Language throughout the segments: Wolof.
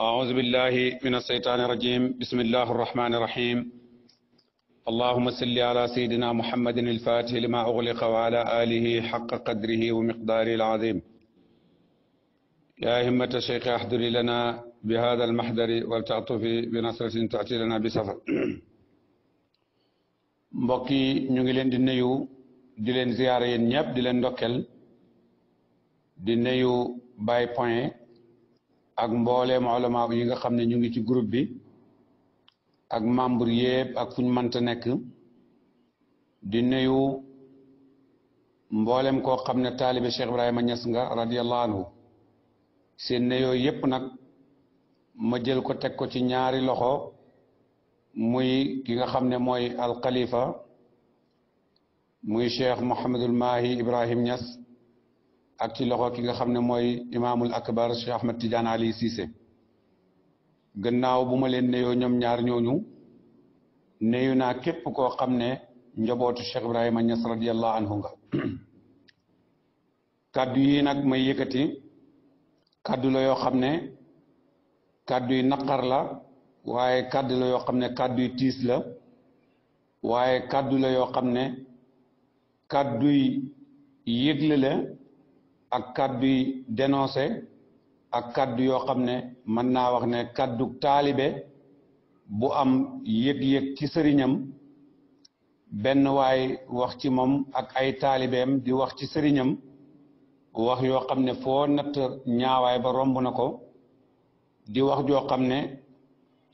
أعوذ بالله من الشيطان الرجيم بسم الله الرحمن الرحيم اللهم صل على سيدنا محمد الفاتح لما أغلق وعلى آله حق قدره ومقداره العظيم يا همة الشيخ أحضر لنا بهذا المحضر والتعطف بنصرة تعطي لنا بسفر mbokki ñu دي نيو دي nuyu di leen ziyaare yéen ñëpp di leen ndokkeel ak mbooleem olama yi nga xam ne ñu ngi ci groupe bi ak membre yépp ak fu ñu mënta nekk di nuyu mboolem koo xam ne taalibe Cheikh Ibrahima Niass nga radiyallahu anhu seen nuyoo yépp nag ma jël ko teg ko ci ñaari loxo muy ki nga xam ne mooy alxalifa muy Cheikh Mouhamadul Mahi Ibrahim Niass ak ci loxo ki nga xam ne mooy imaamul akbar Cheikh Ahmed Tidiane Ali Cissé gannaaw bu ma leen neyoo ñoom ñaar ñooñu neyu naa képp koo xam ne njabootu Cheikh Ibrahima Niass radiyallahu anhu nga kàddu yi nag may yëkkati kàddu la yoo xam ne kàddu yi naqar la waaye kàddu la yoo xam ne kàddu yi tiis la waaye kàddu la yoo xam ne kàddu yi yëgle ak kadduy dénoncé ak kaddu yoo xam ne mën naa wax ne kaddu taalibe bu am yëg-yëg ci sëriñam benn waay wax ci moom ak ay taalibeem di wax ci sëriñam wax yoo xam ne foo natt ñaawaay ba romb na ko di wax joo xam ne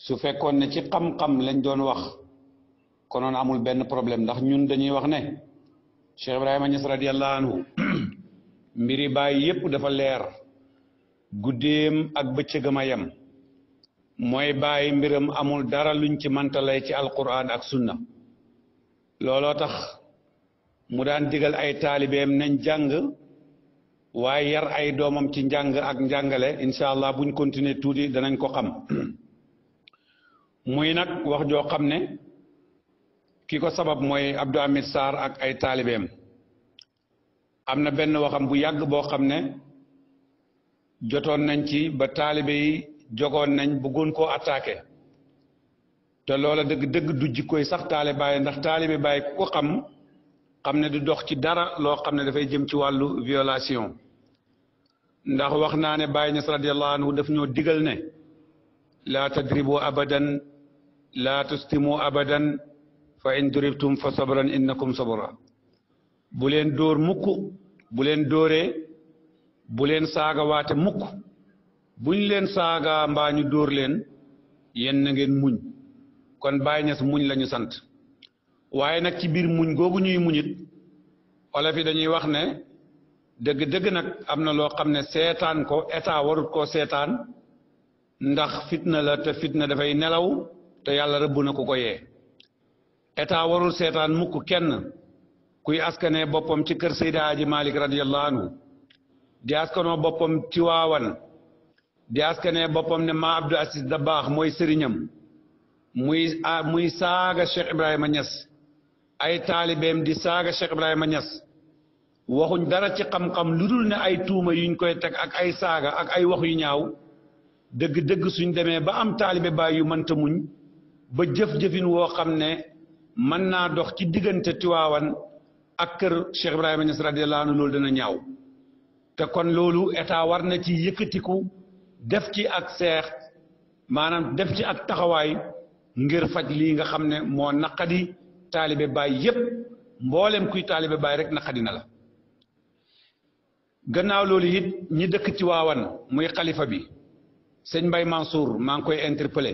su fekkoon ne ci xam-xam lañ doon wax konoon amul benn problème ndax ñun dañuy wax ne Cheikh Ibrahima Niass radiyallahu anhu mbiri bàyyi yépp dafa leer guddeem ak bëccëgama yem mooy bàyyi mbiram amul dara luñ ci mantalay ci alquran ak sunna looloo tax mu daan digal ay taalibeem nañ jàng waaye yar ay doomam ci njàng ak njàngale incha allah buñ continuer tuuti danañ ko xam muy nag wax joo xam ne ki ko sabab mooy Abdou Hamid Sarr ak ay taalibeem am na benn waxam bu yàgg boo xam ne jotoon nañ ci ba taalibe yi jogoon nañ bëggoon ko attaqué te loola dëgg dëgg du jikkooy sax taale bàyyi ndax taalibe bàyyi ku ko xam xam ne du dox ci dara loo xam ne dafay jëm ci wàllu violation ndax wax naa ne Baye Niass radiyallahu anhu def ñoo digal ne laa tadribu abadan laa tustimu abadan fa in duribtum fa sabran innakum sabra bu leen dóor mukk bu leen dóoree bu leen saaga waate mukk buñ leen saaga mbaa ñu dóor leen yenn na ngeen muñ kon Baay Ñas muñ lañu sant waaye nag ci biir muñ googu ñuy muñit olof yi dañuy wax ne dëgg-dëgg nag am na loo xam ne seetaan ko état warut koo seetaan ndax fitna la te fitna dafay nelaw te yàlla rëbb na ko ko yee état warul seetaan mukk kenn kuy askanee boppam ci kër Seyda Aji Malik radiyallahu anhu di askanoo boppam ci di askane boppam ne ma Abdou Aziz baax mooy sëriñam muy muy saaga Cheikh Ibrahima Niass ay taalibeem di saaga Cheikh Ibrahima Niass waxuñ dara ci xam-xam lu dul ne ay tuuma yuñ koy teg ak ay saaga ak ay wax yu ñaaw dëgg-dëgg suñ demee ba am taalibe baay yu muñ ba jëf-jëfin woo xam ne mën naa dox ci diggante Tiwaawan ak kër Cheikh Ibrahima Niass radiyallahu anhu loolu dana ñaaw te kon loolu état war na ci yëkkatiku def ci ak seex maanaam def ci ak taxawaay ngir faj lii nga xam ne moo naqadi taalibe baay yépp mboolem kuy taalibe baay rek naqadi na la gannaaw loolu it ñi dëkk ci waawan muy xalifa bi sëñ Mbay Mansour maa ngi koy interpellé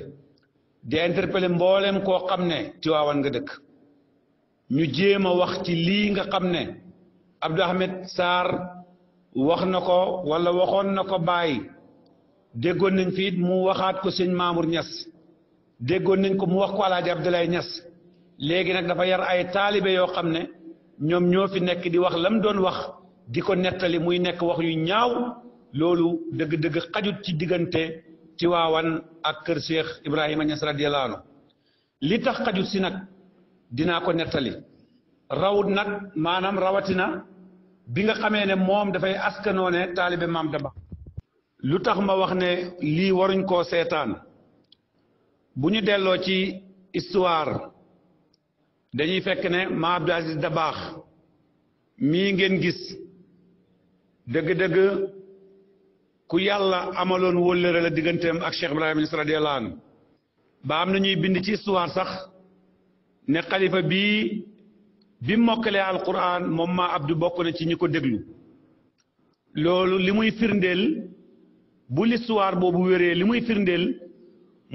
di interpellé mbooleem koo xam ne ci waawan nga dëkk ñu jéem a wax ci lii nga xam ne Abdou Ahmed Sarr wax na ko walla waxoon na ko bàyyi déggoon nañ fiit mu waxaat ko sëñ Mamour ñas déggoon nañ ko mu wax ko Alaaji Abdoulaye Niass léegi nag dafa yar ay taalibe yoo xam ne ñoom ñoo fi nekk di wax lam doon wax di ko nettali muy nekk wax yu ñaaw loolu dëgg-dëgg xajut ci diggante ci Tiwaawan ak kër Cheikh Ibrahima Niass radiyallahu anhu li tax xajut si nag. dinaa ko nettali rawut nag maanaam rawatina bi nga xamee ne moom dafay askanoo ne taalibe maam Daba lu tax ma wax ne lii waruñ koo seetaan bu ñu delloo ci histoire dañuy fekk ne maam Abdou Aziz Dabaax mii ngeen gis dëgg-dëgg ku yàlla amaloon wóllëre la digganteem ak Cheikh Ibrahima am na ñuy bind ci histoire sax ne xalifa bi bi mokkalee alquran moom maa abdu bokk na ci ñi ko déglu loolu li muy firndeel bu l'histoire boobu wéree li muy firndeel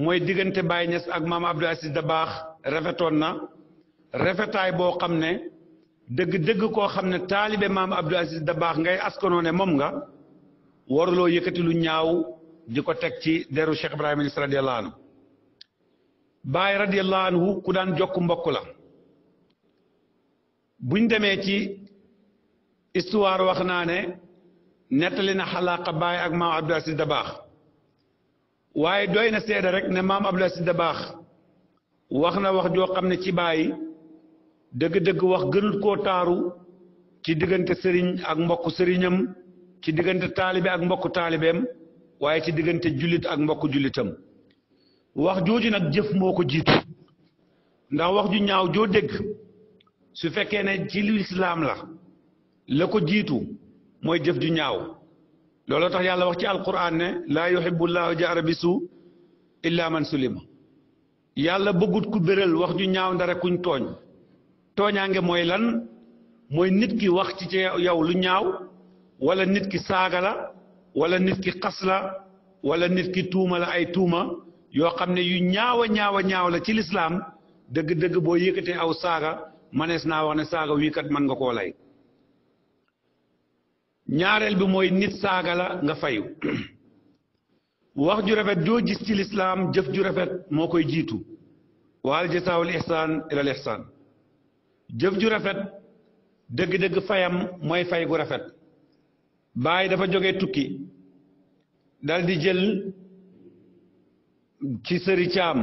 mooy diggante Baye Niass ak maam Abdou Aziz baax rafetoon na rafetaay boo xam ne dëgg-dëgg koo xam ne taalibe maam Abdou Aziz baax ngay askanoo ne moom nga waruloo yëkkati lu ñaaw di ko teg ci deru Cheikh Ibrahima Niass radiyallahu baay radiyallahu anhu ku daan jokk mbokk la buñ demee ci histoire wax naa ne nettali na xalaaqa baay ak maam Abdul Aziz Dabaax waaye doy na seede rek ne maam Abdul Aziz baax wax na wax joo xam ne ci baay dëgg-dëgg wax gënul koo taaru ci diggante sëriñ ak mbokk sëriñam ci diggante taalibe ak mbokk taalibeem waaye ci diggante jullit ak mbokk jullitam wax jooju nag jëf moo ko jiitu ndax wax ju ñaaw joo dégg su fekkee ne ci lislaam la la ko jiitu mooy jëf ju ñaaw looloo tax yàlla wax ci alquran ne laa yuhibbu llaahu jaara bi su illaa man sulima yàlla bëggut ku béral wax ju ñaaw ndara kuñ tooñ tooñaange mooy lan mooy nit ki wax ci yow lu ñaaw wala nit ki saaga la walla nit ki xas la wala nit ki tuuma la ay tuuma yoo xam ne yu ñaaw a ñaaw la ci lislaam dëgg-dëgg boo yëkkatee aw saaga manees naa wax ne saaga wii kat mën nga koo lay ñaareel bi mooy nit saaga la nga fayu wax ju rafet joo gis ci lislaam jëf ju rafet moo koy jiitu waal jasaawul ihsaan ilal ihsaan jëf ju rafet dëgg-dëgg fayam mooy fay gu rafet baay dafa joge tukki dal di jël ci sëri caam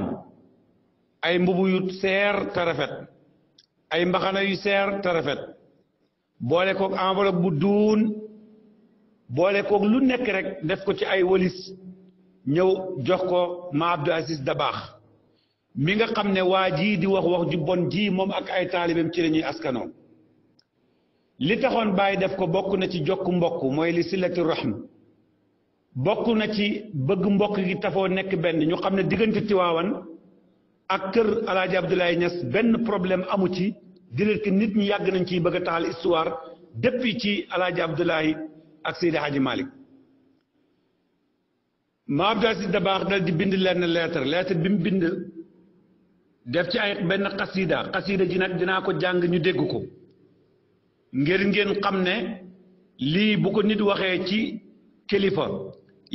ay mbubu yu seer te rafet ay mbaxana yu seer te rafet boole koog enveloppe bu duun boole koog lu nekk rek def ko ci ay wolis ñëw jox ko ma Abdou Aziz Dabaax mi nga xam ne waa jii di wax wax ju bon ji moom ak ay taalibeem ci lañuy ñuy askanoo li taxoon bàyyi def ko bokk na ci jokk mbokk mooy li silati rahm bokk na ci bëgg mbokk gi tafoo nekk benn ñu xam ne diggante Tiwaawan ak kër Alaaji Abdoulaye Niass benn problème amu ci dire que nit ñi yàgg nañ ci bëgg a taxal histoire depuis ci Alaaji Abdoulaye ak Seydi Hadji Malick ma Abdou Aziz Dabaax dal di bind lenn lettre lettre bi mu bind def ci ay benn xasida xasida ji nag dinaa ko jàng ñu dégg ko ngir ngeen xam ne lii bu ko nit waxee ci kilifa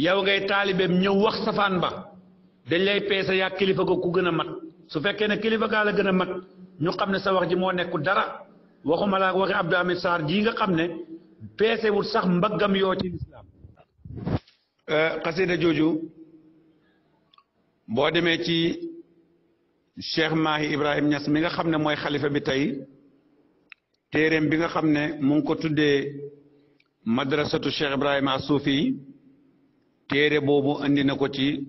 yow ngay taalibeem ñëw wax safaan ba dañ lay peese yaa kilifa ko ku gën a mat su fekkee ne kilifa gaa la gën a mat ñu xam ne sa wax ji moo nekkul dara waxuma laa waxi Abdou Hamid saar jii nga xam ne peese wul sax mbaggam yoo ci lislaam euh, xasida jooju boo demee ci Cheikh Mahi Ibrahim Niass mi nga xam ne mooy xalifa bi tey téeréem bi nga xam ne mu ngi ko tuddee madrasatu Cheikh Ibrahima Asuufi téere boobu indi na ko ci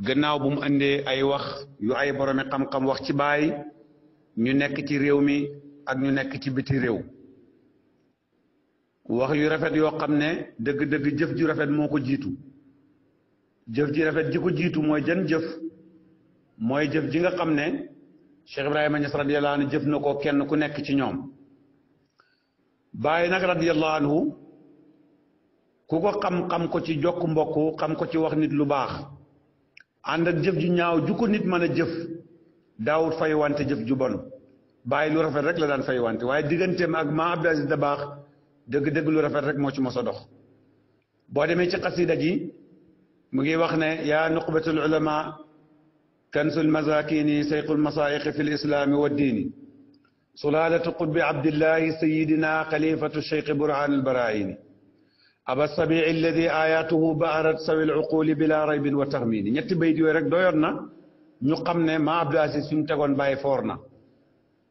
gannaaw bu mu indee ay wax yu ay boromi xam-xam wax ci baay ñu nekk ci réew mi ak ñu nekk ci biti réew wax yu rafet yoo xam ne dëgg-dëgg jëf ju rafet moo ko jiitu jëf ji rafet ji jiitu mooy jën jëf mooy jëf ji nga xam ne Cheikh Ibrahima Niass radiyallahu anhu jëf na ko kenn ku nekk ci ñoom Baay nag radiyallahu anhu ku ko xam xam ko ci jokk mbokk xam ko ci wax nit lu baax ànd ak jëf ju ñaaw ju ko nit mën a jëf daawut fay wante jëf ju bon bàyyi lu rafet rek la daan fay wante waaye digganteem ak ma Abdou Aziz Dabaax dëgg-dëgg lu rafet rek moo ci mos a dox boo demee ci xasida ji mu ngi wax ne yaa nuqbatul ulama kansul masakini sayqul masaayiqi fi lislaami wa diini sulaalatu qutbi abdillahi sayidina xalifatu cheikh burhaan albaraaini aba sabii alladi ayatuhu baarat sawi alcuquli bila raybin wa tahmini ñetti bayit yooyu rek doyoon na ñu xam ne maa abdou aziz fi mu tegoon bàyyi foor na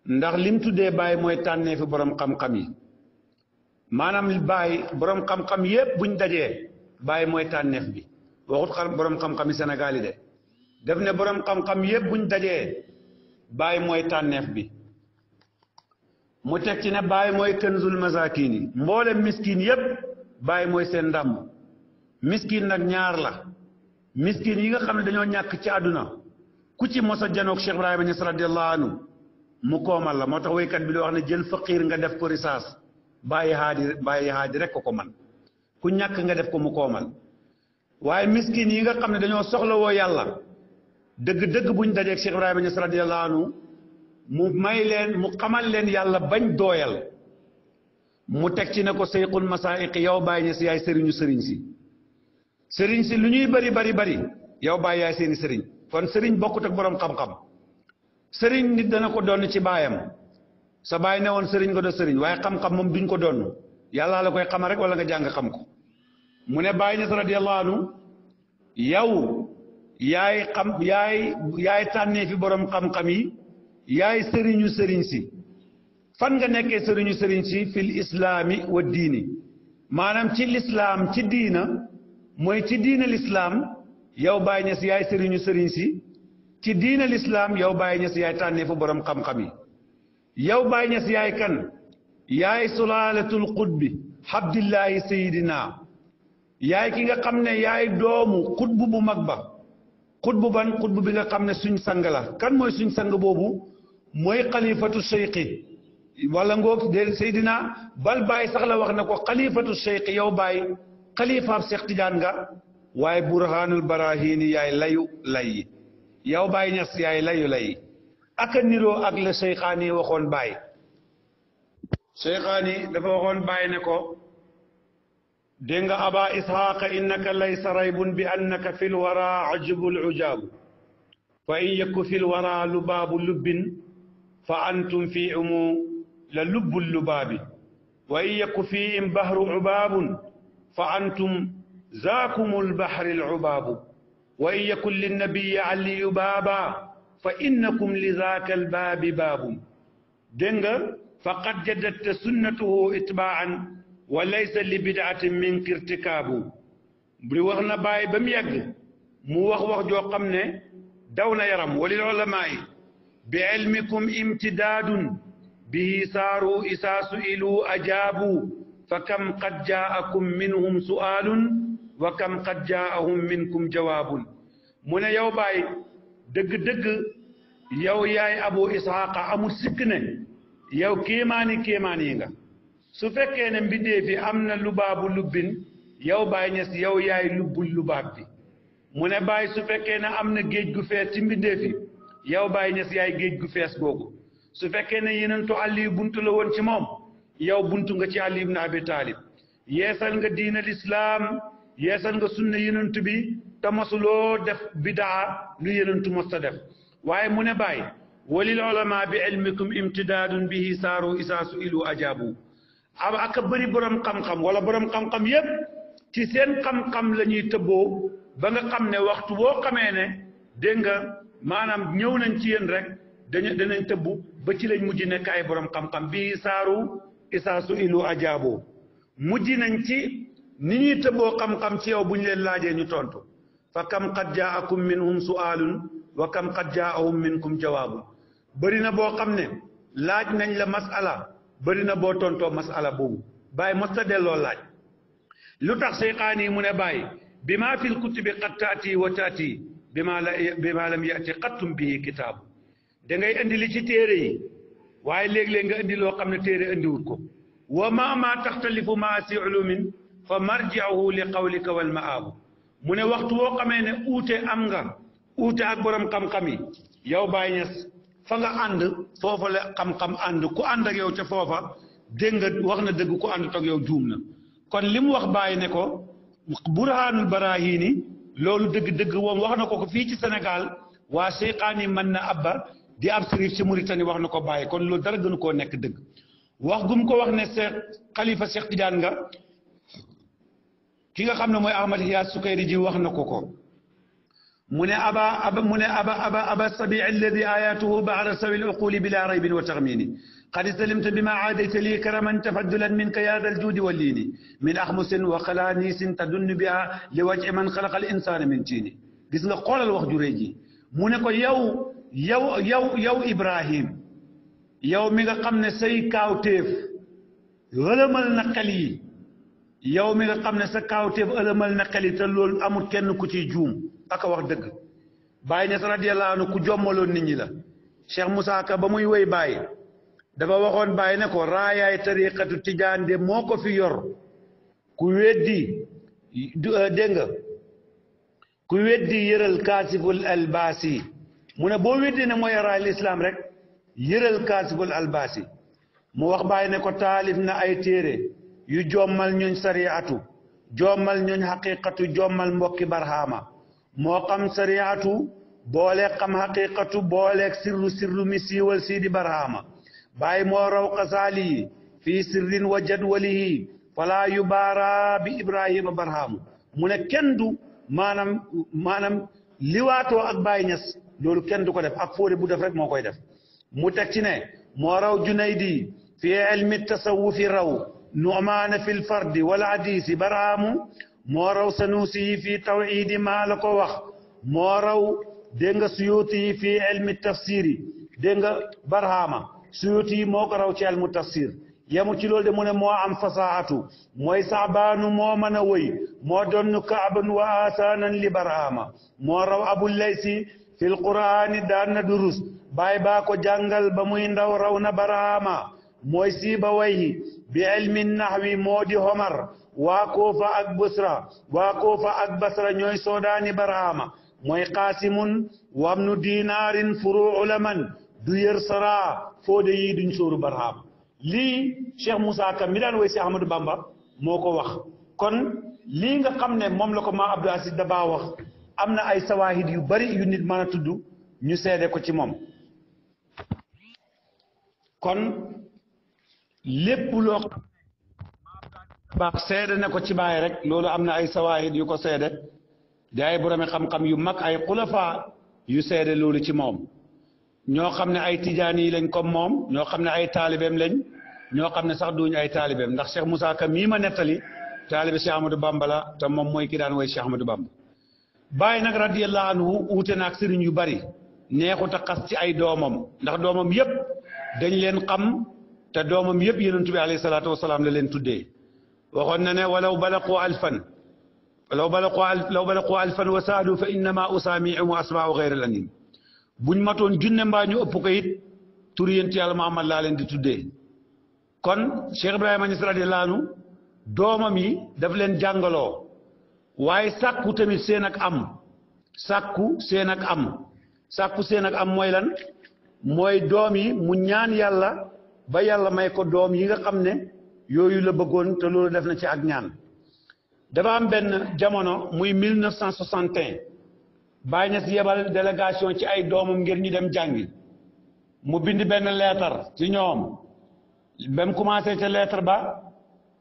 ndax lim tuddee bàyyi mooy tànnee fi borom xam-xam yi maanaam bàyyi borom xam-xam yépp buñ dajee bàyyi mooy tànneef bi waxut xam borom xam-xam yi Sénégal yi de def ne borom xam-xam yépp buñ dajee bàyyi mooy tànneef bi mu teg ci ne bàyyi mooy kënzul masaakin yi mboolem miskin yépp bàyyi mooy seen ndàmm miskin nag ñaar la miskin yi nga xam ne dañoo ñàkk ci àdduna ku ci mos a janoog Cheikh Ibrahima Niass radiyallahu anhu mu koomal la moo tax woykat bi di wax ne jën faqiir nga def ko risaas bàyyi haadi bàyyi haadi rek ko ko man ku ñàkk nga def ko mu koomal waaye miskin yi nga xam ne dañoo soxlawoo yàlla dëgg-dëgg buñ dajeeg Cheikh Ibrahima Niass radiyallahu anhu mu may leen mu xamal leen yàlla bañ dooyal mu teg ci ne ko seyqul masaayiq yow bàyyi ñes yaay sëriñu sëriñ si sëriñ si lu ñuy bari bari bari yow bàyyi yaay seeni sëriñ kon sëriñ bokkut ak boroom xam-xam sëriñ nit dana ko doon ci baayam sa baay ne woon sëriñ ko doon sëriñ waaye xam-xam moom duñ ko doon yàllaa la koy xama rek wala nga jàng xam ko mu ne bàyyi ñes radiyallahu anhu yow yaay xam yaay yaay tànnee fi boroom xam-xam yi yaay sëriñu sëriñ si fan nga nekkee sëriñu sëriñ si fil islaami wa diini maanaam ci lislaam ci diina mooy ci diina lislaam yow Baay Ñas yaay sëriñu sëriñ si ci diina lislaam yow Baay Ñas yaay fu borom xam-xam yi yow Baay Ñas yaay kan yaay sulaalatul qutbi habdillaahi sayidina yaay ki nga xam ne yaay doomu qutbu bu mag ba qutbu ban qutbu bi nga xam ne suñ sang la kan mooy suñ sang boobu mooy xalifatu seyqi ولا نقول دل سيدنا بل باي سخلا وقنا كو خليفة الشيخ يو باي خليفة بسخت جانغا واي برهان البراهين يا ليو لي يو باي نس يا ليو لي أكن نرو أقل شيخاني وخون باي شيخاني دفع وخون باي نكو دينغا أبا إسحاق إنك ليس ريب بأنك في الوراء عجب العجاب فإن يك في الوراء لباب لب فأنتم في عمو للب اللباب وإن يك فيهم بحر عباب فأنتم ذاكم البحر العباب وإن يكن للنبي علي بابا فإنكم لذاك الباب باب دنجا فقد جدت سنته إتباعا وليس لبدعة منك ارتكاب bu wax na bàyyi ba mu yàgg mu wax wax joo xam bihi saaru isaa su'ilu ajaabu fa kam qad jaakum minhum su'aalun wa kam qad jaahum minkum jawaabun mu ne yow baay dëgg-dëgg yow yaay abu ishaaqa amul sikk ne yow kéemaani kéemaan nga su fekkee ne mbindee fi am na lubaabu lubbin yow baay ñes yow yaay lubbul lubaab bi mu ne baay su fekkee am na géej gu fees ci mbindee fi yow baay ñes yaay géej gu fees googu su fekkee ne yenentu Ali bunt la woon ci moom yow bunt nga ci Ali ibn Abi Talib yeesal nga diina lislaam yeesal nga sunna yenentu bi te masuloo def bidaa lu yenentu mos ta def waaye mu ne bàyyi walil olama bi ilmikum imtidaadun bihi saaru isaa su ilu ajaabu am aka bëri borom xam-xam wala borom xam-xam yépp ci seen xam-xam la ñuy ba nga xam ne waxtu boo xamee ne dégg nga maanaam ñëw nañ ci yéen rek dañu danañ tëbu ba ci lañ mujj nekk ay borom xam-xam bi saaru isaa ilu ajabu mujj nañ ci ni ñuy tëbboo xam-xam ci yow bu ñu leen laajee ñu tontu fa kam qad jaakum minhum sualun wa kam qad jaahum minkum jawaabun bëri na boo xam ne laaj nañ la masala bëri na boo tontoo masala boobu bàyyi mos ta delloo laaj lu tax seyxaan yi mu ne bàyyi bi maa fil kutubi qad taati wa taati bi maa la bi lam yati qattum bihi kitaabu da ngay indi li ci téere yi waaye léeg-léeg nga indi loo xam ne téere indiwut ko wa ma ma taxtalifu maa si ulumin fa marjiahu li qawlika wal maabu mu ne waxtu woo xamee ne uute am nga uute ak borom xam-xam yi yow Baay Ñas fa nga ànd foofa la xam-xam ànd ku ànd ak yow ca foofa dégg wax na dëgg ku ànd toog yow juum na kon li mu wax Baay ne ko bu burhaanul barahini loolu dëgg-dëgg woom wax na ko ko fii ci Sénégal waa seyqaan yi mën na abba di ab sërif ci Mauritanie wax na ko bàyyi kon loolu dara gënu koo nekk dëgg wax gum ko wax ne cheikh khalifa cheikh tidiane nga ki nga xam ne mooy Ahmad Hiyaas Sukayri ji wax na ko ko mu ne aba aba mu ne aba aba aba sabi alladhi ayatuhu baada sawil luquli bila raybin wa taxmini قد سلمت بما عاديت لي كرما تفضلا منك يا ذا الجود واللين من أخمس وخلانيس تدن بها لوجه من خلق الإنسان من تين gis nga xoolal wax ju rëy ji يو يو يو ابراهيم يو ميغا خمن سي كاوتيف علمل نقلي يو ميغا خمن سا كاوتيف علمل نقلي تا لول امو كين كوتي جوم اكا واخ دغ باي نس رضي الله عنه كو جومالون نيني لا شيخ موسى كا باموي وي باي دا با واخون باي نكو راي اي طريقه تجان دي موكو في يور كو ويدي دنگ كو ويدي يرل كاسف الالباسي mu ne boo weddi ne mooy yaraay lislaam rek yëral kaasibul albaasi mu wax bàyyi ne ko taalif na ay téere yu jommal ñuñ sariatu jommal ñuñ xaqiqatu jommal mbokki barhaama moo xam sariatu boole xam xaqiqatu booleeg sirru sirru mi siiwal siidi barhaama bàyyi moo raw xasaali yi fii sirrin wa jadwalihi falaa yubaara bi ibrahima barhaamu mu ne kenn du maanaam maanaam liwaatoo ak Baay Ñas lolou ken duko def ak foore bu def rek mokoy def mu tek ci ne mo raw junaydi fi ilmi tasawuf نعمان في الفرد والعديس برعام مورو سنوسي في توعيد ما لك وخ مورو دنگ سيوتي في علم التفسير دنگ برهاما سيوتي موك راو تي علم التفسير يمو تي لول دمون مو ام فصاحتو موي صعبان مو من مو دون كعب واسانا لبرهاما مورو ابو الليسي في القرآن دان دروس باي باكو جانغال بموين اندو رونا براما موسي بويه بعلم النحوي مودي همر واكوفا اك بسرا اكبسرا اك نوي سوداني براما موي قاسم وامن دينار فروع لمن دوير سرا فودي يدن سور براما لي شيخ موسى كميلان ويسي احمد بامبا موكو وخ كون لي نغا خمنه موم لاكو ما عبد العزيز دبا وخ am na ay sawaahid yu bari yu nit mën a tudd ñu seede ko ci moom kon lépp loo xam na ko ci baay rek loolu am na ay sawaahid yu ko seede di ay boroomi xam-xam yu mag ay xulafa yu seede loolu ci moom ñoo xam ne ay tijaan yi lañ comme moom ñoo xam ne ay taalibeem lañ ñoo xam ne sax duñu ay taalibeem ndax Cheikh Moussa Ka mii ma nettali taalibe Cheikh Ahmadou Bamba la te moom mooy ki daan woy Cheikh Ahmadou Bamba bàyyi nak radiyallahu anhu wuute nak sëriñ yu bari neexut ta xas ci ay domam ndax domam yeb dañ leen xam te domam yeb yonent bi alayhi salatu wassalam la leen tuddé waxon na ne walaw balaqu alfan walaw balaqu law balaqu alfan wa sa'du fa innama usami'u wa asma'u gayra al anim buñ maton junne mbaa ñu ëpp ko yit tur yent yàlla Muhammad la leen di tuddé kon Cheikh ibrahim anis radiyallahu anhu doomam yi daf leen jangalo waaye sàkku tamit seen ak am sàkku seen ak am sàkku seen ak am mooy lan mooy doom yi mu ñaan yàlla ba yàlla may ko doom yi nga xam ne yooyu la bëggoon te loolu def na ci ak ñaan dafa am benn jamono muy 1961 Baay Ñas yebal délégation ci ay doomum ngir ñu dem jàngi mu bind benn leetar ci ñoom ba mu commencé ca leetar ba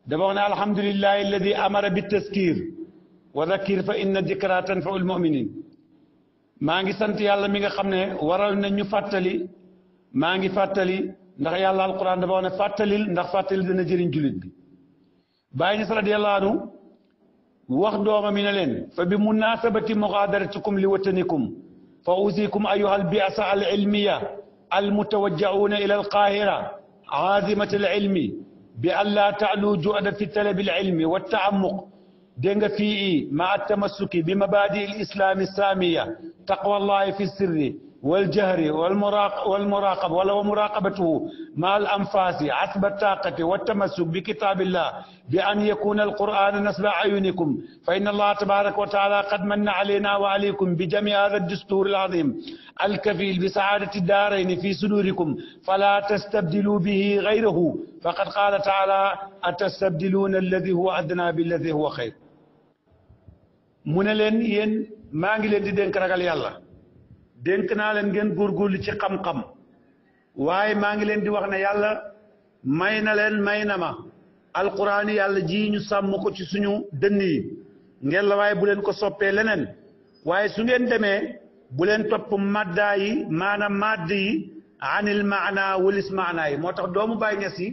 dafa wax ne alhamdulillahi di amara bi taskir وذكر فإن الذكرى تنفع المؤمنين ماغي سنت يالا ميغا خامني وارال نانيو فاتالي ماغي فاتالي ناخ يالا القران دا بون فاتالي ناخ فاتالي دنا جيرين جوليت بي باي نصر رضي الله عنه واخ دوما مي نالين فبمناسبه مغادرتكم لوطنكم فاوزيكم ايها البعث العلميه المتوجعون الى القاهره عازمه العلم بان لا تعلو جؤد في طلب العلم والتعمق دنگ فيه مع التمسك بمبادئ الإسلام السامية تقوى الله في السر والجهر والمراق والمراقب ولو مراقبته مع الأنفاس حسب الطاقة والتمسك بكتاب الله بأن يكون القرآن نسب أعينكم فإن الله تبارك وتعالى قد من علينا وعليكم بجميع هذا الدستور العظيم الكفيل بسعادة الدارين في صدوركم فلا تستبدلوا به غيره فقد قال تعالى أتستبدلون الذي هو أدنى بالذي هو خير mu ne leen yéen maa ngi leen di dénk ragal yàlla dénk naa leen ngeen góorgóorlu ci xam-xam waaye maa ngi leen di wax ne yàlla may na leen may na ma alquran yàlla ji ñu sàmm ko ci suñu dënn yi ngeen la waaye bu leen ko soppee leneen waaye su ngeen demee bu leen topp maddaa yi maanaam madd yi anil maanaa walis maanaa yi moo tax doomu bay Ñas yi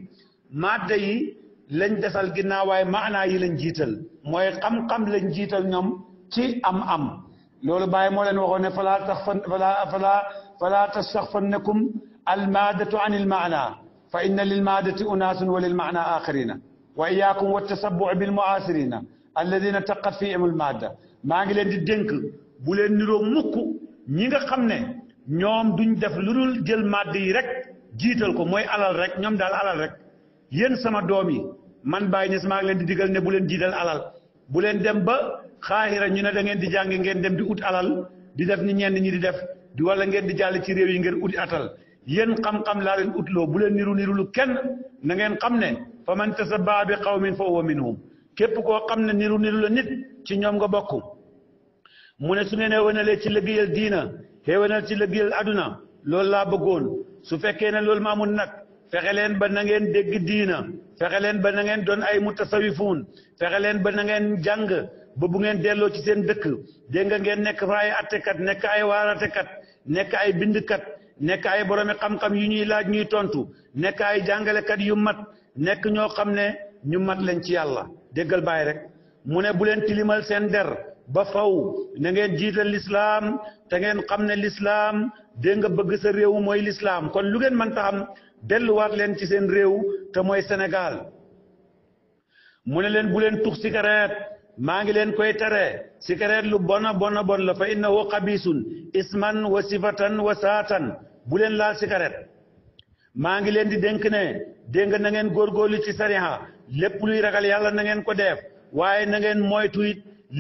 madda yi lañ desal ginnaaw waaye maanaa yi lañ jiital mooy xam-xam lañ jiital ñoom ci am-am loolu bàyyi moo leen waxoon ne falaa tax fan falaa falaa falaa tastaxfannakum almaadatu an ilmaana fa inna lilmaadati unaasun wa lilmaana axirina wa iyaakum wa tasabbuu bilmuaasirina alladina taqat fihim almaada maa ngi leen di dénk bu leen niroo mukk ñi nga xam ne ñoom duñ def lu dul jël madd yi rek jiital ko mooy alal rek ñoom daal alal rek yéen sama doom yi man Baye Niass maa leen di digal ne bu leen jiital alal bu leen dem ba xaaxira ñu ne da ngeen di jàng ngeen dem di ut alal di def ni ñenn ñi di def di wala ngeen di jàll ci réew yi ngeen uti atal yéen xam-xam laa leen utloo bu leen niru lu kenn na ngeen xam ne fa man tasabbaha bi qawmin fa huwa minhum képp koo xam ne niru niru la nit ci ñoom nga bokk mu ne su ngeen xéwénalee ci liggéeyal diina xéwénal ci liggéeyal aduna loolu laa bëggoon su fekkee ne loolu maamun nag fexe leen ba na ngeen dégg diina fexe leen ba na ngeen doon ay mutasawifuun fexe leen ba nangeen jàng ba bu ngeen delloo ci seen dëkk dégg ngeen nekk fa ay attekat nekk ay waaratekat nekk ay bindkat nekk ay boroomi xam-xam yu ñuy laaj ñuy tontu nekk ay jàngalekat yu mat nekk ñoo xam ne ñu mat leen ci yàlla déggal bàyyi rek mu ne bu leen tilimal seen der ba faw na ngeen jiital lislaam te ngeen xam ne lislaam dégg nga bëgg sa réew mooy lislaam kon lu ngeen mën ta xam delluwaat leen ci seen réew te mooy Sénégal mu ne leen bu leen tux cigarette maa ngi leen koy tere cigarette lu bona bona bon la fa innahu xabisun isman wa sifatan wa saatan bu leen laal cigarette maa ngi leen di dénk ne dénk na ngeen góorgóorlu ci sariha lépp luy ragal yàlla na ngeen ko def waaye na ngeen moytu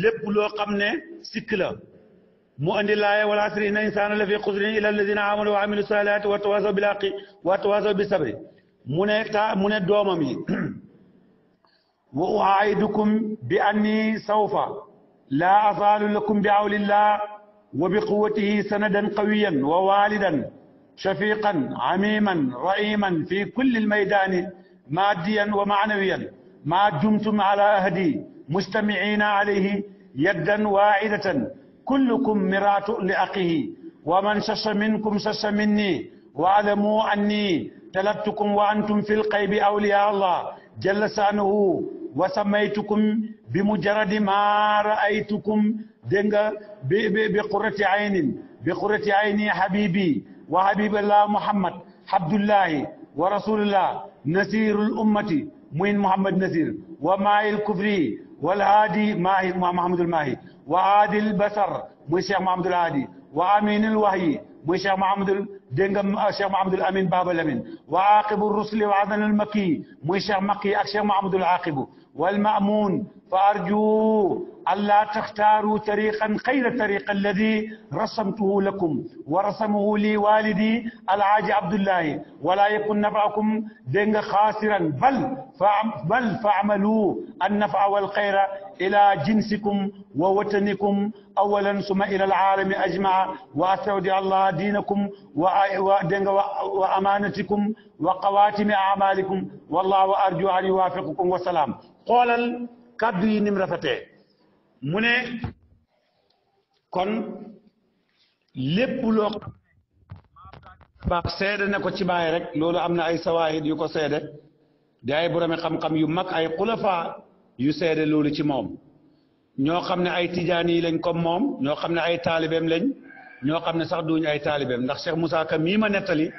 lépp loo xam ne sikk la مؤن لله والعسر إن إنسان لفي قسر إلى الذين عملوا وعملوا السهلات وتواصوا بالعقل وتواصوا بالصبر من من الدوامي وأعيدكم بأني سوف لا أصال لكم بعول الله وبقوته سندا قويا ووالدا شفيقا عميما رئيما في كل الميدان ماديا ومعنويا ما دمتم على أهدي مستمعين عليه يدا واعدة كلكم مرات لأخيه ومن سس منكم سس مني واعلموا أني تلبتكم وأنتم في القيب أولياء الله جل سانه وسميتكم بمجرد ما رأيتكم بقرة عين بقرة عيني حبيبي وحبيب الله محمد عبد الله ورسول الله نسير الأمة من محمد نسير وما الكفري والهادي ماهي محمد الماهي وعادل البصر مو الشيخ محمد الهادي وامين الوهي مو الشيخ محمد دينغم الشيخ آه، محمد الامين باب الامين وعاقب الرسل وعدن المكي مو الشيخ مكي الشيخ محمد العاقب والمامون فارجو الا تختاروا طريقا خير الطريق الذي رسمته لكم ورسمه لي والدي العاج عبد الله ولا يكن نفعكم دينغ خاسرا بل بل فاعملوا النفع والخير الى جنسكم ووطنكم اولا ثم الى العالم اجمع واستودع الله دينكم وأ وأمانتكم وقواتم أعمالكم والله أرجو أن يوافقكم والسلام قولا كدري نمرفتي من كن lépp loo baax seede na ko ci baay rek loolu am na ay sawaahid yu ko seede خم ay boromi xam-xam yu mag ay xulafa yu seede loolu ay tijaan yi lañ ko mom ño xamne ay talibem lañ ño xamne sax duñ ay talibem ndax Cheikh Moussa Ka mi ma netali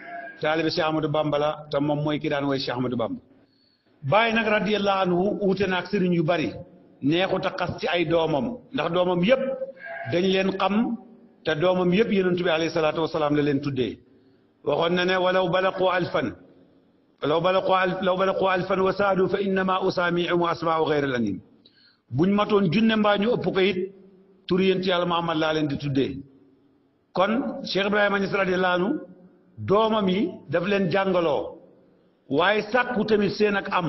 talib Cheikh Ahmadou Bamba la te mom moy ki daan way Cheikh Ahmadou Bamba bay nak radiyallahu anhu uute nak serigne yu bari neexu ta xas ci ay domam ndax domam yeb dañ leen xam te doomam yëpp yonent bi alayhi salaatu wasalaam la leen tuddé waxon na ne walaw balaqu alfan law balaqu law balaqu alfan wa saadu fa innama usami'u wa asma'u al anim buñ matoon junne mbañu upp ko it tur yént yàlla Muhammad la leen di tuddé kon Cheikh Ibrahima Niass doomam yi daf leen jàngaloo waaye sàkku tamit seen ak am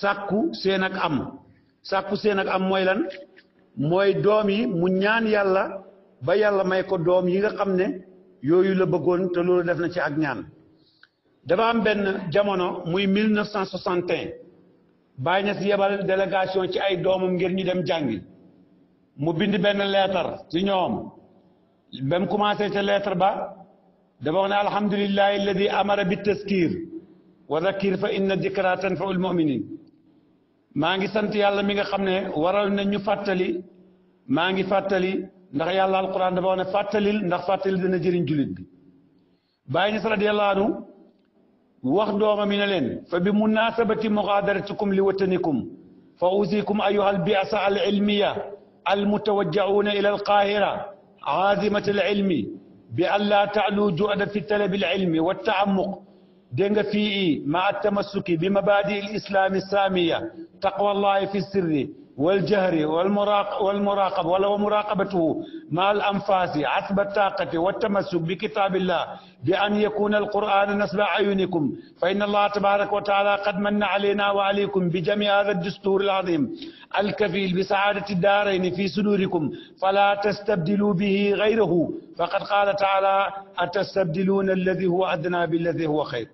sàkku seen ak am sàkku mooy lan mooy doom yi mu ñaan yàlla ba yàlla may ko doom yi nga xam ne yooyu la bëggoon te loolu def na ci ak ñaan dafa am benn jamono muy 1961 Baay Ñas yebal délégation ci ay doomam ngir ñu dem jàngi mu bind benn leetar ci ñoom. ba mu commencé ca lettre ba dafa wax ne alhamdulillahi alladi amara bi taskir wa zakir fa inna dikra tanfau lmuminin maa ngi sant yàlla mi nga xam ne waral na ñu fàttali maa ngi fàttali ndax yàlla alquran dafa wax ne fàttalil ndax fàttali dana jëriñ julit bi bàyyi ñas radiallahu anhu wax doomam yi ne leen fa bi munasabati mugadaratikum li watanikum fa usikum ayuha albiasa al ilmiya al mutawajjauna ila alqahira عازمة العلم بأن لا تعلو جؤدة في طلب العلم والتعمق دنگ فيه مع التمسك بمبادئ الإسلام السامية تقوى الله في السر والجهر والمراق والمراقب ولو مراقبته مع الأنفاس حسب الطاقة والتمسك بكتاب الله بأن يكون القرآن نسب أعينكم فإن الله تبارك وتعالى قد من علينا وعليكم بجميع هذا الدستور العظيم الكفيل بسعادة الدارين في صدوركم فلا تستبدلوا به غيره فقد قال تعالى أتستبدلون الذي هو أدنى بالذي هو خير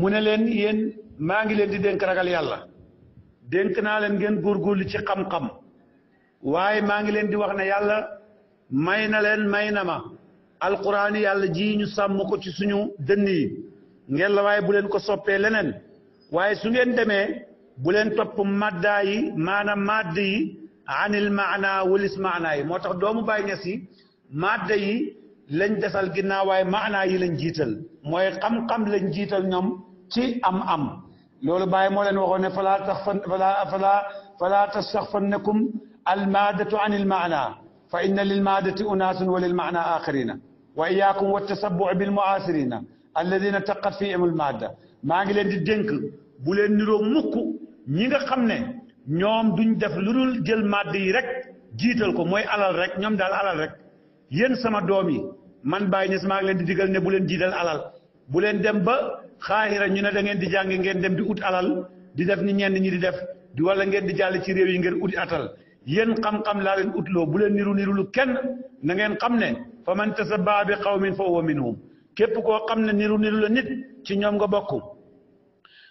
mu ne leen yéen maa ngi leen di dénk ragal yàlla dénk naa leen ngeen góorgóorlu ci xam-xam waaye maa ngi leen di wax ne yàlla may na leen may na ma alquran yàlla ji ñu sàmm ko ci suñu dënn yi ngeen la waaye bu leen ko soppee leneen waaye su ngeen demee bu leen topp maddaa yi maanaam madd yi anil maana walis maana yi moo tax doomu Baay Ñas yi madda yi lañ desal ginnaaw waaye maanaa yi lañ jiital mooy xam-xam lañ jiital ñoom ci am-am loolu Baay moo leen waxoon ne falaa tax fan falaa falaa falaa tastaxfannakum almaadatu anil maana fa inna lil maadati unaasun wa lil maana axirina wa iyaakum wa tasabbuc bil muaasirina alladina taqat fihim almaadda maa ngi leen di dénk bu leen niroo mukk ñi nga xam ne ñoom duñ def lu dul jël màdd yi rek jiital ko mooy alal rek ñoom daal alal rek yéen sama doom yi man bàyyi nes maa ngi leen di digal ne bu leen jiital alal bu leen dem ba xaahira ñu ne da ngeen di jàng ngeen dem di ut alal di def ni ñenn ñi di def di wala ngeen di jàll ci réew yi ngeen uti atal yéen xam-xam laa leen utloo bu leen niru nirulu kenn na ngeen xam ne fa man tasabaa bi qawmin fa huwa minhum képp koo xam ne niru niru nit ci ñoom nga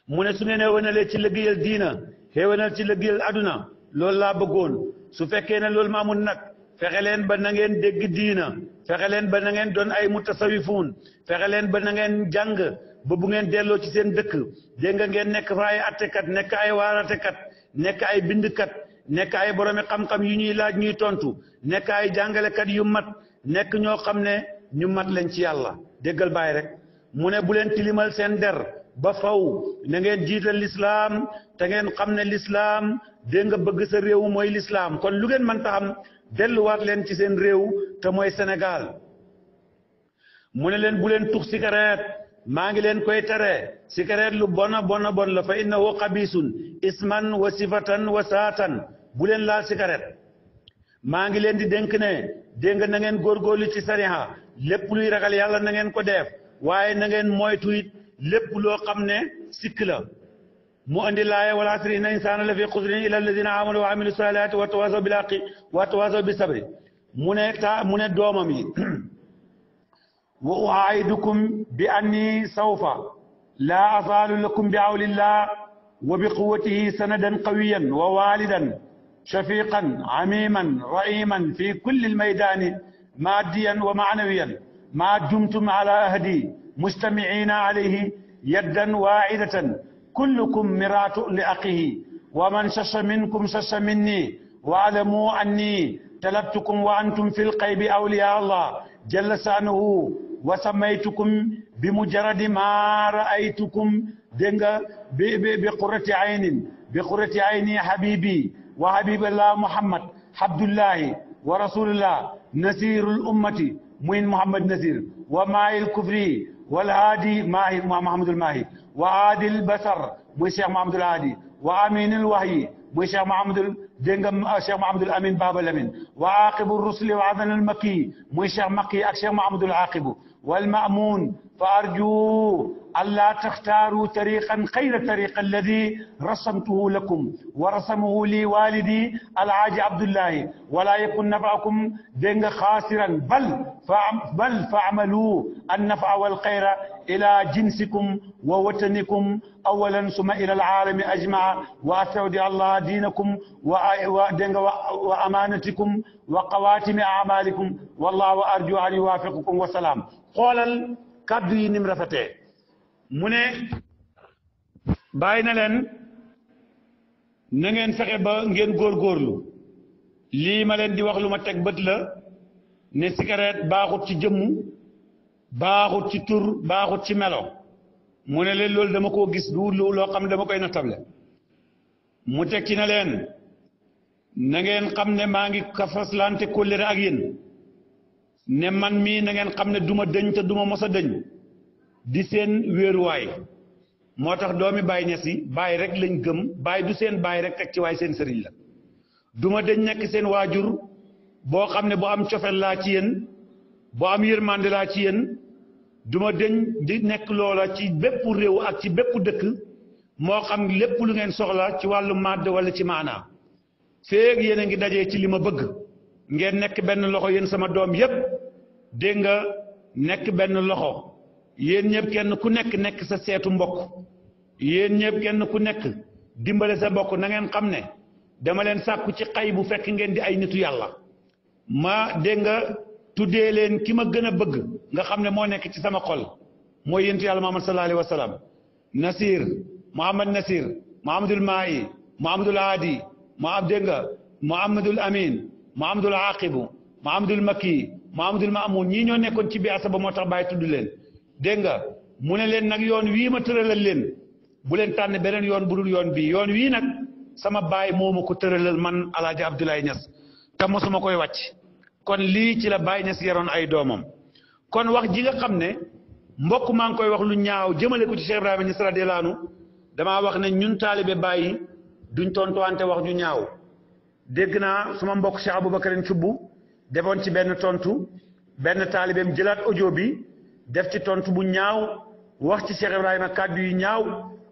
mu ne su ngeen xéwanalee ci liggéeyal diina xéwanal ci liggéeyal aduna loolu laa bëggoon su fekkee ne loolu ma amul nag fexe leen ba nangeen ngeen dégg diina fexe leen ba na ngeen doon ay mutasawifuun fexe leen ba na ngeen jàng ba bu ngeen delloo ci seen dëkk dégg ngeen nekk fa ay attekat nekk ay waaratekat nekk ay bindkat nekk ay boromi xam-xam yu ñuy laaj ñuy tontu nekk ay jàngalekat yu mat nekk ñoo xam ne ñu mat lañ ci yàlla déggal bàyyi rek mu ne bu leen tilimal seen der ba faw na ngeen jiital lislaam te ngeen xam ne lislaam dégg bëgg sa réew mooy lislaam kon lu ngeen mën ta xam delluwaat leen ci seen réew te mooy senegaal mu ne leen bu leen tux sikareet maa ngi leen koy tere sikareet lu bona bona bon la fa innahu xabisun isman wa sifatan wa saatan bu leen laal sikareet maa ngi leen di dënk ne dégg nga na ngeen góorgóorlu ci sariha lépp luy ragal yàlla na ngeen ko def waaye na moytu it لب لو قمنا سكلا مو عند الله ولا عسر إن إنسان لفي قدر إلى الذين عملوا وعملوا الصالحات وتواصوا بلاقي وتواصوا بالصبر من تا من دوامي وأعيدكم بأني سوف لا أزال لكم بعول الله وبقوته سندا قويا ووالدا شفيقا عميما رئيما في كل الميدان ماديا ومعنويا ما دمتم على أهدي مستمعين عليه يدا واعدة كلكم مرات لأخيه ومن شش منكم شش مني واعلموا أني تلبتكم وأنتم في القيب أولياء الله جل شأنه وسميتكم بمجرد ما رأيتكم بقرة عين بقرة عيني حبيبي وحبيب الله محمد عبد الله ورسول الله نسير الأمة من محمد نسير وما الكفري والهادي ماهي محمد الماهي وعادل البصر موي الشيخ محمد الهادي وامين الوهي موي الشيخ محمد دنجم الشيخ آه، محمد الامين باب الامين وعاقب الرسل وعدن المكي موي الشيخ مكي الشيخ محمد العاقب والمامون فأرجو ألا تختاروا طريقا غير طريق الذي رسمته لكم ورسمه لي والدي العاج عبد الله ولا يكن نفعكم دنگ خاسرا بل بل فاعملوا النفع والخير إلى جنسكم ووطنكم أولا ثم إلى العالم أجمع وأستودع الله دينكم وأمانتكم وقواتم أعمالكم والله أرجو أن يوافقكم وسلام قال kàddu yi nim rafete mu ne bàyyi na leen na ngeen fexe ba ngeen góor góorlu lii ma leen di wax lu ma teg bët la ne cigarette baaxut ci jëmm baaxut ci tur baaxut ci melo mu ne leen loolu dama koo gis du loo xam ne dama koy nattable mu teg ci na leen na ngeen xam ne maa ngi kafaslante kóllëre ak yéen ne man mii na ngeen xam ne duma dëñ te duma mos a dëñ di seen wéeruwaay moo tax doomi baay ñes yi baay rek lañ gëm baay du seen baay rek teg ci seen sëriñ la duma dëñ nekk seen waajur boo xam ne bu am cofel laa ci yéen bu am yërmande laa ci yéen duma dëñ di nekk loola ci bépp réew ak ci bépp dëkk moo xam lépp lu ngeen soxla ci wàllu màdd wala ci maanaa féeg yéen a ngi dajee ci li ma bëgg ngeen nekk benn loxo yéen sama doom yépp denga nek ben loxo yéen ñëpp kenn ku nek nek sa setu mbokk yéen ñëpp kenn ku nek dimbale sa mbokk na ngeen xamné dama leen sàkku ci xay bu fekk ngeen di ay nitu yàlla ma denga nga leen ki ma gën bëgg nga xamné mo nek ci sama xol moy yéntu yàlla muhammad sallallahu alaihi wasallam nasir muhammad nasir muhammadul mai muhammadul adi mu denga muhammadul amin muhammadul aqib muhammadul makki ma Maamun ñii ñoo nekkoon ci biasa ba moo tax bàyyi tudd leen dégg nga mu ne leen nag yoon wii ma tëralal leen bu leen tànn beneen yoon bu dul yoon bii yoon wii nag sama baay moomu ko tëralal man Alaaji Abdoulaye Niass te mosuma koy wàcc kon lii ci la Baye Niass yaroon ay doomam kon wax ji nga xam ne mbokk maa ngi koy wax lu ñaaw jëmale ko ci Cheikh Ibrahima Niass radiyallaahu anhu damaa wax ne ñun taalibe Baye duñ tontuwante wax ju ñaaw dégg naa sama mbokk Cheikh Aboubacar Thioub. defoon ci benn tontu benn taalibeem jëlaat audio bi def ci tontu bu ñaaw wax ci Cheikh Ibrahima kàddu yu ñaaw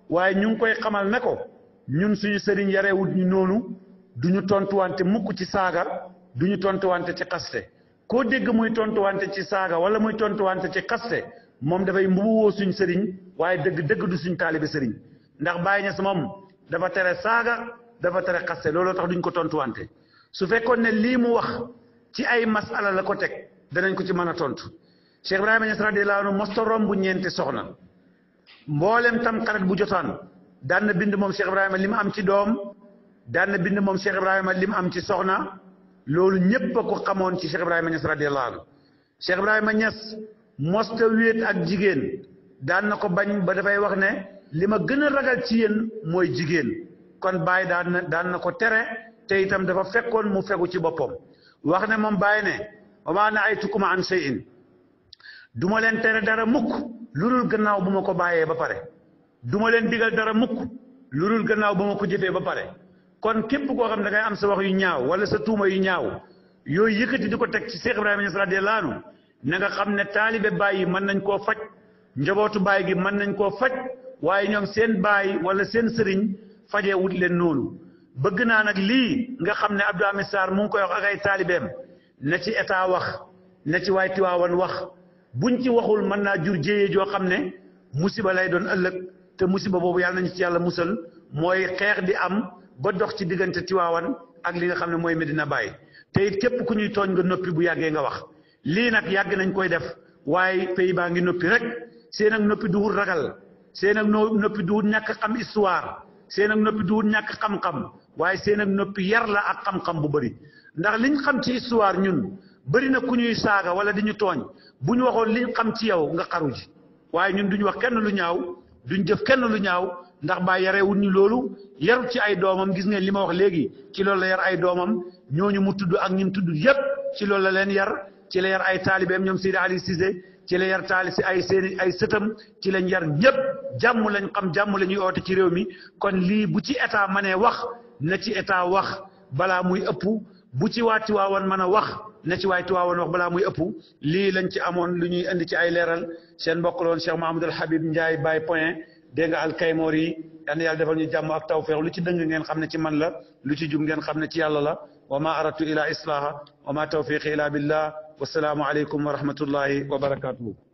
waaye ñu ngi koy xamal ne ko ñun suñu sëriñ yarewut ñu noonu du ñu tontuwante mukk ci saaga du ñu tontuwante ci xaste koo dégg muy tontuwante ci saaga wala muy tontuwante ci xaste moom dafay mbubuwoo suñ sëriñ waaye dëgg dëgg du suñ taalibe sëriñ ndax Baye Niass moom dafa tere saaga dafa tere xaste looloo tax duñ ko tontuwante su fekkoon ne lii mu wax ci ay masala la ko teg danañ ko ci mën a tontu Cheikh Ibrahima Niass radiyallahu anhu mosta romb bu ñeenti soxna mboolem tam xarit bu jotaan daan na bind moom Cheikh Ibrahima li am ci doom daan na moom Cheikh Ibrahima li mu am ci soxna loolu ñépp a ko xamoon ci Cheikh Ibrahima Niass radiyallahu anhu Cheikh Ibrahima Niass mosta wéet ak jigéen daan na ko bañ ba dafay wax ne li ma gën a ragal ci yéen mooy jigéen kon bàyyi daan na daan na ko tere te itam dafa fekkoon mu fegu ci boppam wax ne moom bàyyi ne wa maa nahaytukum an shay'in du ma leen tere dara mukk lu dul gannaaw bu ma ko bàyyee ba pare du leen digal dara mukk lu gannaaw bu ma ko jëfee ba pare kon képp koo xam ne dangay am sa wax yu ñaaw wala sa tuuma yu ñaaw yooyu yëkkati di ko teg ci Cheikh Ibrahima Niass radiyallahu anhu na nga xam ne taalibe bàyyi yi mën nañ koo faj njabootu baay gi mën nañ koo faj waaye ñoom seen baay wala seen sëriñ fajee wut leen noonu bëgg naa nag lii nga xam ne Abdou Hamid Sarr mu ngi koy wax ak ay taalibeem na ci état wax na ci waay Tiwaawan wax buñ ci waxul mën naa jur jéyee joo xam ne musiba lay doon ëllëg te musiba boobu yàlla nañu ci yàlla musal mooy xeex di am ba dox ci diggante Tiwaawan ak li nga xam ne mooy Medina Baye te it képp ku ñuy tooñ nga noppi bu yàggee nga wax lii nag yàgg nañ koy def waaye pays baa ngi noppi rek seen ak noppi duwul ragal seen ak noppi duwul ñàkk xam histoire seen ak noppi duwul ñàkk xam waaye seen ak noppi yar la ak xam-xam bu bëri ndax liñ xam ci histoire ñun bëri na ku ñuy saaga wala di tooñ bu ñu waxoon liñ xam ci yow nga xaru ji waaye ñun duñ wax kenn lu ñaaw duñ jëf kenn lu ñaaw ndax baa yarewul ñu loolu yarut ci ay doomam gis ngeen li ma wax léegi ci loolu la yar ay doomam ñooñu mu tudd ak ñi tudd yépp ci loolu la leen yar ci la yar ay taalibeem ñoom Seydi Ali Cissé ci la yar taali si ay seeni ay sëtam ci lañ yar ñépp jàmm lañ xam jàmm la ñuy oote ci réew mi kon lii bu ci état mënee wax نتي اتا واخ بلا موي اوبو بوتي واتي واون مانا واخ نتي واي تي واون واخ بلا موي اوبو لي لنجي امون لي ني اندي سي اي ليرال سين بوكلون شيخ محمد الحبيب نجاي باي بوين دغ الكايموري ان يال ديفال ني جامو اك توفيق لو تي دنج نين خامني تي مان لا لو تي جوم نين خامني تي يالا لا وما اردت الى اصلاح وما توفيق الا بالله والسلام عليكم ورحمه الله وبركاته